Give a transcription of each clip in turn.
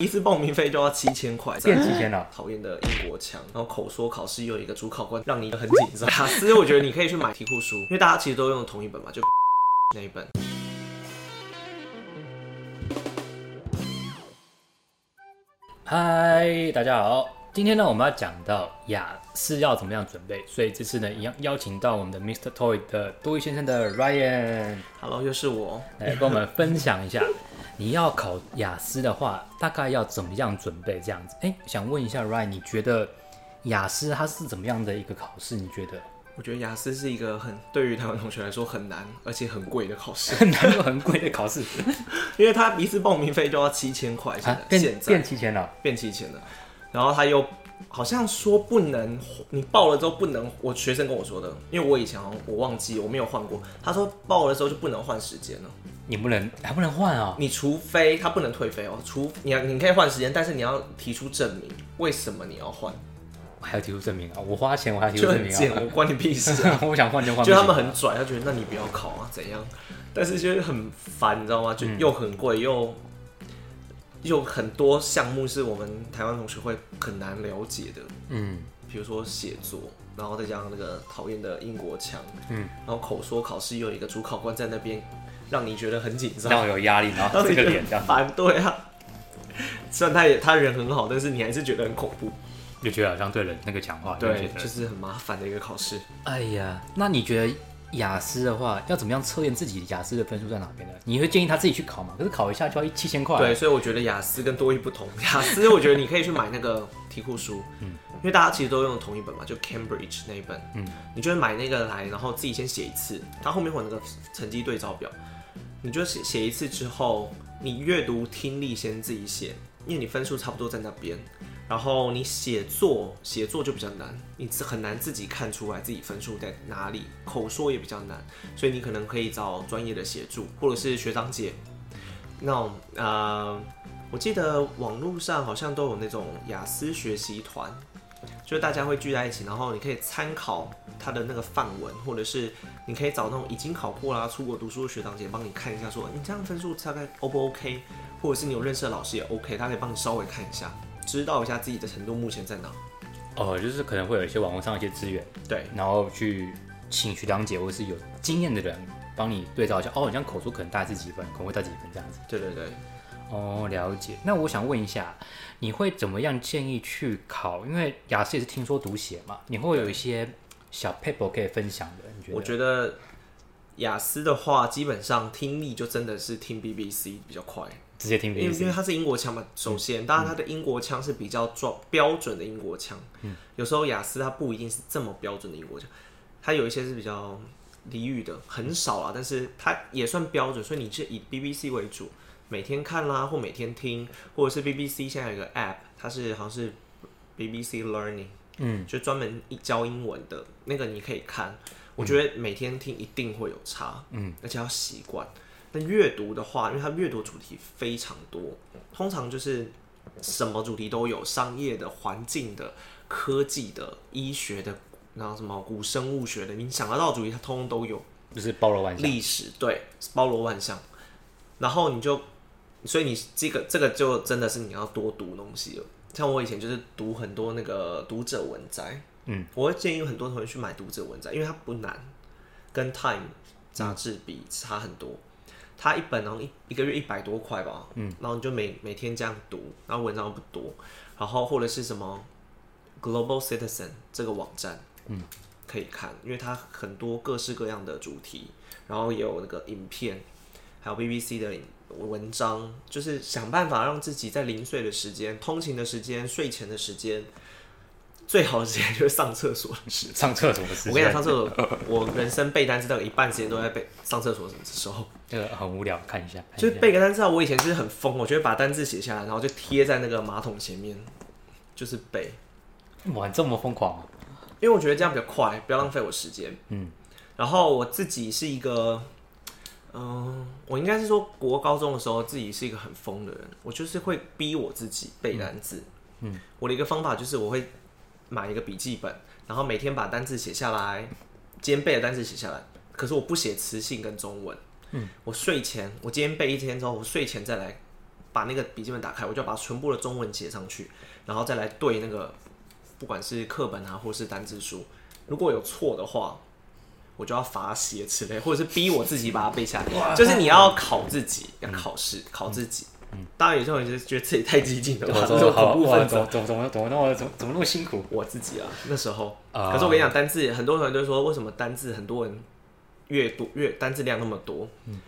一次報名費就要七千塊，變幾千了？討厭的英國腔，然後口說考試又有一個主考官讓你很緊張。其、啊、實我覺得你可以去買題庫書， 因為大家其實都用同一本嘛，就、XX、那一本。嗨，大家好，今天呢我們要講到雅思要怎麼樣準備，所以這次呢邀邀請到我們的 Mr. TOEIC 的多益先生的 Ryan，Hello，又是我來幫我們分享一下。 你要考雅思的話，大概要怎麼樣準備？這樣子，哎、欸，想問一下，Ryan，你覺得雅思它是怎麼樣的一個考試？你覺得？我覺得雅思是一個很對於台灣同學來說很難、嗯、而且很貴的考試， 難很難又很貴的考試， 因為他一次報名費就要七千塊、啊，現在變七千了、喔，變七千了。然後他又好像說不能，你報了之後不能，我學生跟我說的，因為我以前、啊、我忘記我沒有換過，他說報了之後就不能換時間了。你不能，還不能換啊、哦！你除非他不能退費哦，除你，你可以換時間，但是你要提出證明，為什麼你要換？我還要提出證明啊？我花錢我還要提出證明啊？就很賤，我關你屁事！ 我想換就換。就他們很拽，他覺得那你不要考啊，怎樣？但是就是很煩，你知道嗎？就又很貴、嗯，又又很多項目是我們台灣同學會很難了解的。嗯，比如說寫作，然後再加上那個討厭的英國腔，嗯，然後口說考試又有一個主考官在那邊。讓你覺得很緊張，讓我有壓力。然後這個反對啊，雖然他也他人很好，但是你還是覺得很恐怖，就覺得好像對人那個講話，對，就是很麻煩的一個考試。哎呀，那你覺得雅思的話要怎麼樣測驗自己雅思的分數在哪邊呢？你會建議他自己去考嗎？可是考一下就要一七千塊。對，所以我覺得雅思跟多益不同，雅思，我覺得你可以去買那個題庫書，嗯， 因為大家其實都用同一本嘛，就 Cambridge 那一本，嗯，你就會買那個來，然後自己先寫一次，他後，後面會有那個成績對照表。你就寫寫一次之後，你閱讀聽力先自己寫，因為你分數差不多在那邊。然後你寫作寫作就比較難，你很難自己看出來自己分數在哪裡。口說也比較難，所以你可能可以找專業的協助，或者是學長姐。那，呃，我記得網絡上好像都有那種雅思學習團。就是大家會聚在一起，然後你可以參考他的那個範文，或者是你可以找那種已經考過啦、出國讀書的學長姐幫你看一下說，說你這樣分數大概 O 不多 OK，或者是你有認識的老師也 OK，他可以幫你稍微看一下，知道一下自己的程度目前在哪。哦，就是可能會有一些網絡上一些資源，對，然後去請學長姐或者是有經驗的人幫你對照一下，哦，你這樣口說可能大致幾分，可能會大幾分這樣子。對對對。哦，了解。那我想問一下，你會怎麼樣建議去考？因為雅思也是聽說讀寫嘛，你會有一些小撇步可以分享的？你覺得？我覺得雅思的話，基本上聽力就真的是聽 BBC 比較快，直接聽 BBC，因為它是英國腔嘛。首先，嗯、當然它的英國腔是比較莊標準的英國腔、嗯。有時候雅思它不一定是這麼標準的英國腔，它有一些是比較俚語的，很少了、嗯。但是它也算標準，所以你就以 BBC 為主。每天看啦、啊，或每天聽，或者是 BBC 現在有一個 App，它是好像是 BBC Learning，嗯，就專門教英文的。那個你可以看，我覺得每天聽一定會有差，嗯，而且要習慣。那閱讀的話，因為它閱讀的主題非常多，通常就是什麼主題都有：商業的、環境的、科技的、醫學的，然後什麼古生物學的，你想得到的主題，它通通都有，就是包羅萬象。歷史對，包羅萬象。然後你就。所以你這個這個就真的是你要多讀東西了。像我以前就是讀很多那個讀者文摘，嗯，我會建議很多同學去買讀者文摘，因為它不難，跟《Time》雜誌比差很多。嗯，它一本然後一一個月一百多塊吧，嗯，然後你就每每天這樣讀，然後文章不多，然後或者是什麼《Global Citizen》這個網站，嗯，可以看，因為它很多各式各樣的主題，然後也有那個影片，還有 BBC 的影文章就是想辦法讓自己在零碎的時間、通勤的時間、睡前的時間，最好的時間就是上廁所時。上廁所的時候，我跟你講，上廁所， 我人生背單詞大概一半時間都在背上廁所的時候。這個很無聊，看一下，一下就是背個單詞。我以前就是很瘋，我覺得把單字寫下來，然後就貼在那個馬桶前面，就是背。哇，這麼瘋狂啊？因為我覺得這樣比較快，不要浪費我時間。嗯，然後我自己是一個。嗯、呃，我應該是說國高中的時候，自己是一個很瘋的人。我就是會逼我自己背單字、嗯。嗯，我的一個方法就是我會買一個筆記本，然後每天把單字寫下來，今天背的單字寫下來。可是我不寫詞性跟中文。嗯，我睡前，我今天背一天之後，我睡前再來把那個筆記本打開，我就要把它全部的中文寫上去，然後再來對那個，不管是課本啊，或是單字書，如果有錯的話。我就要罰寫之類，或者是逼我自己把它背下來。就是你要考自己，要考試、嗯，考自己。嗯，當然有這種人，就是覺得自己太激進了。好、嗯、過分，怎怎怎麼怎麼那麼怎怎麼那麼辛苦？我自己啊，那時候。可是我跟你講，單字，很多人就說，為什麼單字很多人越多越單字量那麼多、嗯，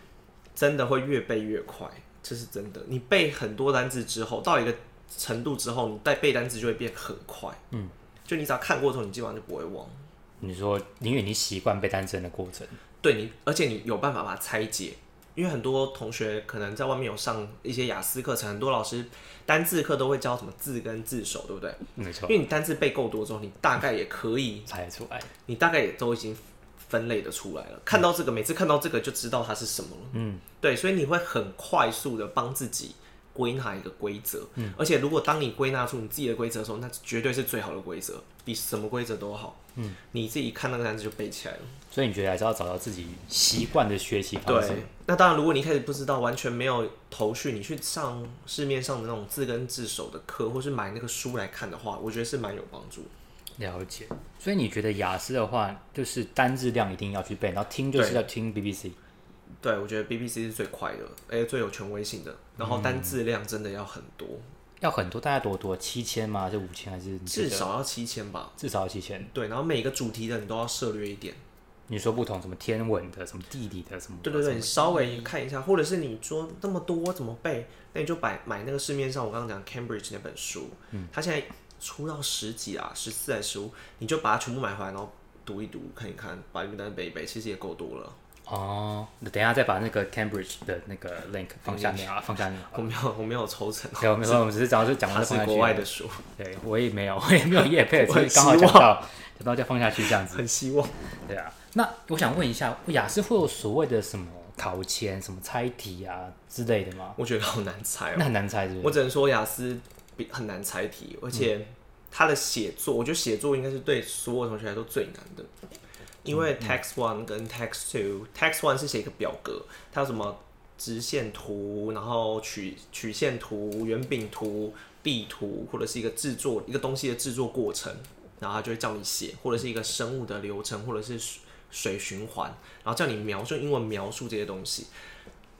真的會越背越快，這是真的。你背很多單字之後，到一個程度之後，你再背單字就會變很快。嗯，就你只要看過之後，你基本上就不會忘。你說，因為你習慣背單詞的過程，對，你而且你有辦法把它拆解，因為很多同學可能在外面有上一些雅思課程，很多老師單字課都會教什麼字根字首，對不對？沒錯，因為你單字背夠多之後，你大概也可以、嗯、猜得出來，你大概也都已經分類的出來了。看到這個，嗯、每次看到這個就知道它是什麼了，嗯，對，所以你會很快速的幫自己歸納一個規則，嗯，而且如果當你歸納出你自己的規則的時候，那絕對是最好的規則，什麼規則都好，嗯，你自己看那個單詞就背起來了，所以你覺得還是要找到自己習慣的學習方式？對，那當然，如果你一開始不知道，完全沒有頭緒，你去上市面上的那種字根字首的課，或是買那個書來看的話，我覺得是蠻有幫助。了解。所以你覺得雅思的話，就是單字量一定要去背，然後聽就是要聽 BBC。對。對，我覺得 BBC 是最快的，而且、欸、最有權威性的。然後單字量真的要很多。嗯要很多，大概多多七千嗎？就五千還是、這個？至少要七千吧。至少要七千。對，然後每個主題的你都要涉獵一點。你說不同，什麼天文的，什麼地理的，什麼，什麼？對對對弟弟，你稍微看一下，或者是你說那麼多怎麼背？那你就買買那個市面上我剛剛講 Cambridge 那本書，嗯，它現在出到十幾啊，十四還是十五？你就把它全部買回來，然後讀一讀，看一看，把裡面單字背一背，其實也夠多了。哦，等一下再把那個 Cambridge 的那個 link 放下面，放下面，放下面。我沒有，我沒有抽成。沒有，我沒有，我們只是講的是國外的書。對，我也沒有，我也沒有業配，所以剛好講到，等到再放下去這樣子。很希望。對啊，那我想問一下，雅思會有所謂的什麼考前什麼猜題啊之類的嗎？我覺得好難猜哦、喔。那很難猜是是，我只能說雅思比很難猜題，而且他的寫作、嗯，我覺得寫作應該是對所有同學來說最難的。因為 text one 跟 text two，嗯，text one 是寫一個表格，它有什麼直線圖、然後曲曲線圖、圓餅圖、地圖，或者是一個制作一個東西的制作過程，然後它就會叫你寫，或者是一個生物的流程，或者是水，水循環，然後叫你描述英文描述這些東西，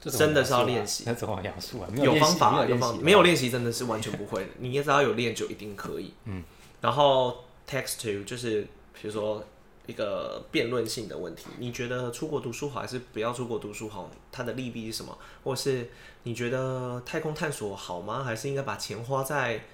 啊、真的是要練習。那怎麼描述啊，啊？有方法，沒有練習真的是完全不會的。 你只要有練就一定可以。嗯。然後 text two 就是比如說。一個辯論性的問題，你覺得出國讀書好還是不要出國讀書好？它的利弊是什麼？或是你覺得太空探索好嗎？還是應該把錢花在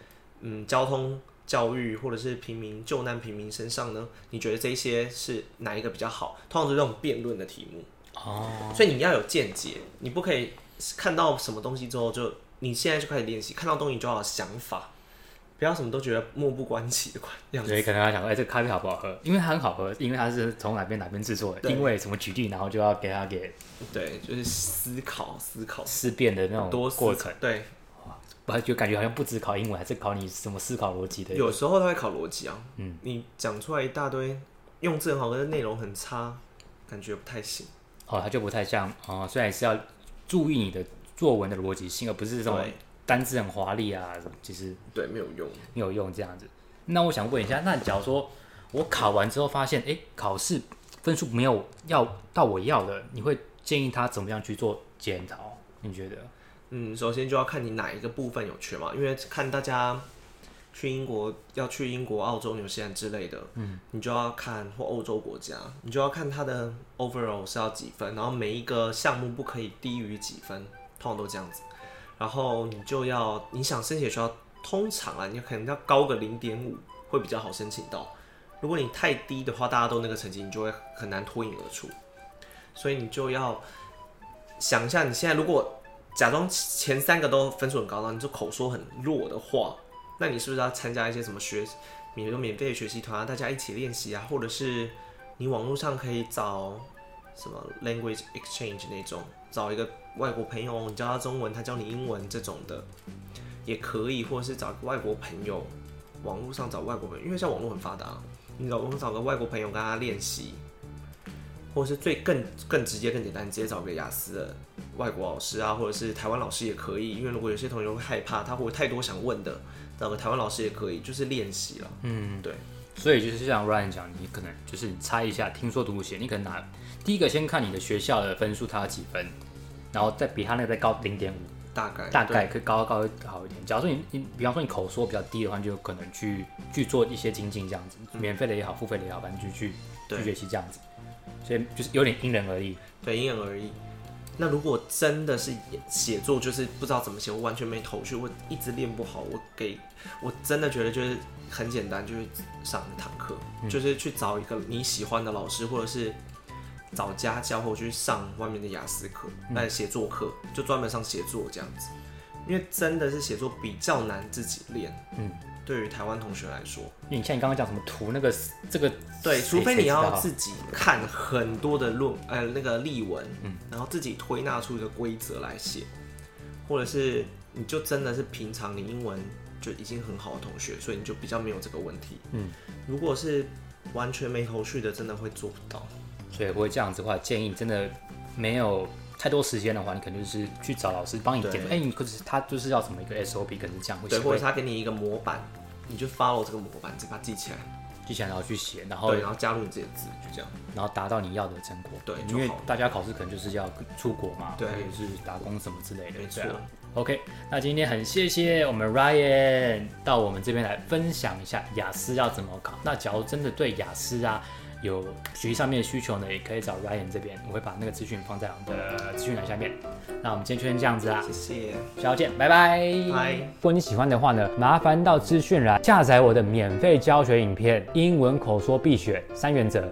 嗯，交通、教育，或者是平民救難平民身上呢？你覺得這些是哪一個比較好？通常是這種辯論的題目哦，所以你要有見解，你不可以看到什麼東西之後就你現在就開始練習，看到東西就要有想法。不要什麼都覺得漠不關己的關樣子。對，可能他想哎、欸，這個、咖啡好不好喝？因為它很好喝，因為它是從哪邊哪邊製作的，定位什麼舉例，然後就要給他給。對，就是思考思考思辨的那種過程。多對，我還感覺好像不止考英文，還是考你什麼思考邏輯的。有時候他會考邏輯啊，嗯，你講出來一大堆用字很好喝，可內容很差，感覺不太行。好、哦，他就不太像哦，雖然還是要注意你的作文的邏輯性，而不是這種。單字很華麗啊，其實對沒有用，沒有用這樣子。那我想問一下，那你假如說我考完之後發現，哎、欸，考試分數沒有要到我要的，你會建議他怎麼樣去做檢討？你覺得？嗯，首先就要看你哪一個部分有缺嘛，因為看大家去英國，要去英國、澳洲、紐西蘭之類的，嗯，你就要看或歐洲國家，你就要看他的 overall 是要幾分，然後每一個項目不可以低於幾分，通常都這樣子。然後你就要你想申請學校，通常啊，你可能要高個零點五會比較好申請到。如果你太低的話，大家都那個成績，你就會很難脫穎而出。所以你就要想一下，你現在如果假裝前三個都分數很高了，那你就口說很弱的話，那你是不是要參加一些什麼學免、免費的學習團啊？大家一起練習啊，或者是你網絡上可以找。什麼 language exchange 那種，找一個外國朋友，你教他中文，他教你英文這種的，也可以，或者是找外國朋友，網絡上找外國朋友，因為現在網絡很發達，你要找找個外國朋友跟他練習，或者是最更更直接更簡單，你直接找個雅思的外國老師啊，或者是台灣老師也可以，因為如果有些同學會害怕，他會有太多想問的，找個台灣老師也可以，就是練習了，嗯，對。所以就是像 Ryan 講，你可能就是你猜一下，聽說讀寫，你可能拿第一個先看你的學校的分數，它有幾分，然後再比它那個再高零點五，大概大概可以高高好一點。假如說你你，比方說你口說比較低的話，你就有可能去去做一些精進這樣子，免費的也好，嗯、付費的也好，反正就去去學習這樣子。所以就是有點因人而異，對，因人而異。那如果真的是寫作，就是不知道怎麼寫，我完全沒頭緒，我一直練不好。我給我真的覺得就是很簡單，就是上一堂課，就是去找一個你喜歡的老師，或者是找家教，或去上外面的雅思課，但寫作課，嗯，就專門上寫作這樣子。因為真的是寫作比較難自己練，嗯。對於台灣同學來說，因為你像你剛剛講什麼圖那個這個誰誰誰，對，除非你要自己看很多的論呃那個例文，嗯，然後自己推納出一個規則來寫，或者是你就真的是平常你英文就已經很好的同學，所以你就比較沒有這個問題，嗯，如果是完全沒頭緒的，真的會做不到，所以不會這樣子的話，建議你真的沒有。太多時間的話，你可能就是去找老師幫你點哎，你、欸、可是他就是要什麼一個 SOP，可能是這樣。對，或者他給你一個模板，你就 follow 這個模板，就把它記起來，記起來然後去寫，然後對，然後加入你自己的字，就這樣，然後達到你要的成果。對，對，因為大家考試可能就是要出國嘛，對，或者是打工什麼之類的。對、啊、OK，那今天很謝謝我們 Ryan 到我們這邊來分享一下雅思要怎麼考。那假如真的對雅思啊。有學習上面的需求呢，也可以找 Ryan 這邊，我會把那個資訊放在我們的資訊欄下面，嗯。那我們今天就先這樣子啦，謝謝，下周見，拜拜，Bye。如果你喜歡的話呢，麻煩到資訊欄下載我的免費教學影片《英文口說必學三原則》。